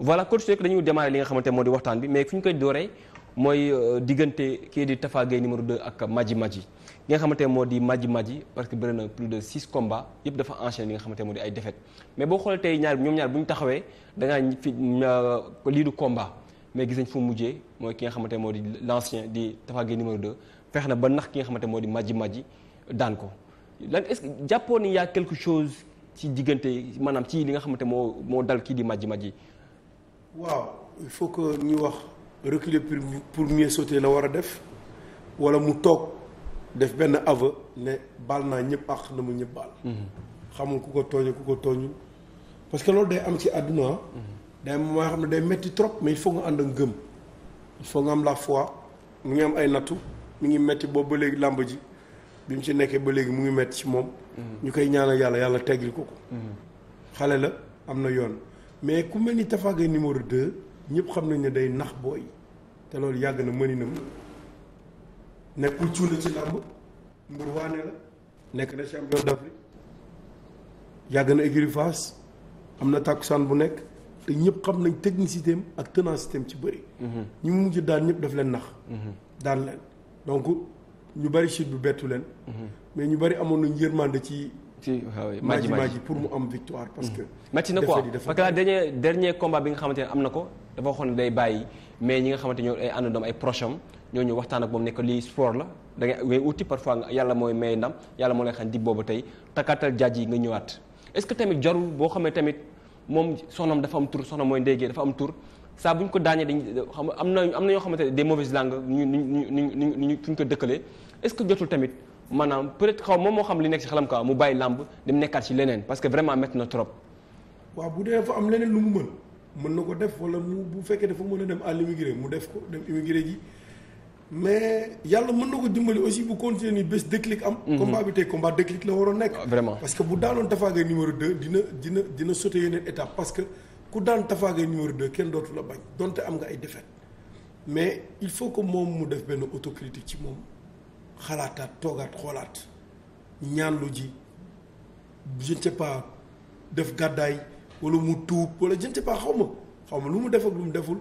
voilà coach rek dañu démarrer li nga xamante moo di waxtaan bi mais fi ñu koy dooree mooy euh, diggante kii di Tafa Gueye numéro ak Madji Madji li nga xamante moo di Madji Madji parce que bëri na plus de six combats yëpp dafa enchaîné li nga ay défaites mais boo xoolee tey ñaar ñoom ñaar bu ñu taxawee da ngaa fi euh, lii du combat mais gis nañ fu mujjee mooy ki nga xamante moo di l'ancien di Tafa Gueye numéro 2 feex na ba nax ki nga xamante moo di Madji Madji daan ko lan est-ce que jàppoon ni y a quelque chose ci diggante maanaam ci li nga xamante moo moo dal kii di Madji Madji waaw il faut que ñu wax reculer pour pour mieux sauter la war a def wala mu toog def benn aveu ne baal naa ñëpp àq na mu ñëpp baal. Mhm. xamul ku ko tooñee ku ko tooñul parce que loolu day am ci àdduna ah. mhm. day moo xam ne day metti trop mais il nga ànd ak gëm il nga am la fois mu ngi am ay nattu mu ngi metti boobu ba léegi làmb ji bi mu ci nekkee ba léegi mu ngi metti ci moom. Mhm. ñu koy ñaanal yàlla yàlla teggil ko ko. xale la am na yoon. mais ku mel ni Tapha Gueye numéro 2 ñëpp xam nañ ne day nax booy te loolu yàgg na mëninam nekkul cuuna ci làmb mbur waane la nekk na champion d'Afrique yàgg na écurie am na tàkkusaan bu nekk te ñëpp xam nañ technicité ak ténacité am ci bëri. Mhm. ñi mu mujj daan ñëpp daf leen nax. Mhm. daan leen donc ñu bari chute bi bettu leen. Mhm. mais ñu bari amoon nañ yërmande ci. ci Madji pour mu am victoire. parce mm. que métti na ko parce que la dernier dernier combat bi nga xamante ne am na ko dafa waxoon ne day bàyyi mais ñi nga xamante ñoo ay àndandoom ay proche am ñoo ñu waxtaan ak moom ne que lii sport la da ngay uti parfois yàlla mooy may ndam yàlla tey takkaatal jaaj yi nga ñëwaat. est-ce que tamit jarul boo xamee tamit moom soxnaam dafa am tur soxnaam mooy ndéggee dafa am tur saa bu ko daanee dañ xam am na am na ñoo xamante ne des mauvaises langues ñu ñu ñu ñu ñu ko dëkkalee est-ce que jotul tamit. maanaam peut-être xaw moom moo xam li nekk ci xelam quoi mu bàyyi làmb dem nekkaat ci leneen parce que vraiment métti na trop. waaw bu dee dafa am leneen lu mu mën mën na ko def wala mu bu fekkee dafa mën a dem à l'immigré mu def ko dem immigré ji mais yàlla mën na ko dimbali aussi bu continuer ni bés déclic am. Mhm. combat bi tey combat déclic la waroon nekk. Ah, vraiment parce que bu daanoon Tapha Gueye numéro dina dina dina sauter yeneen étape parce que ku daan Tapha Gueye kenn dootu la bañ donte am nga ay défaite mais il faut que moom mu def benn autocritique ci moom. xalaataat toogaat xoolaat ñaanlu ji je ne def gàddaay wala mu tuub wala je ne xaw ma xaw ma lu mu def lu mu deful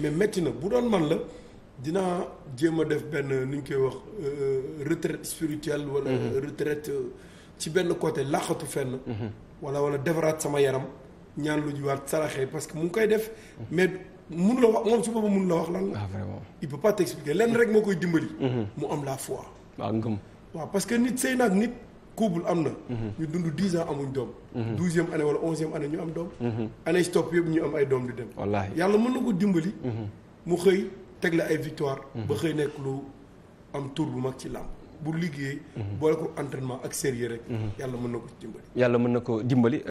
mais metti na bu doon man la dinaa jéem a def benn nu ñu koy wax euh, retraite spirituelle. wala mhm. retraite euh, ci benn côté làqatu fenn. Mhm. wala wala defaraat sama yaram ñaan lu jiwaat saraxee parce que mu ngi koy def. mais mënu la wax moom su boobu mënu la wax lan la. ah vraiment lenn rek moo koy dimbali. Mhm. mu am la foi. waa ngëm waaw parce que nit sëy naag nit couple am na ñu dund dix ans amuñ doom douzième année wala onzième année ñu am doom année stop yëpp ñu am ay doom di dem yàlla mën na ko dimbali mhm. mu xëy teg la ay victoire ba xëy nekk lu am tour bu mag ci làmb bu liggéey mhm. boole ko entraînement ak sérieux rek mhm. yàlla mën na ko dimbali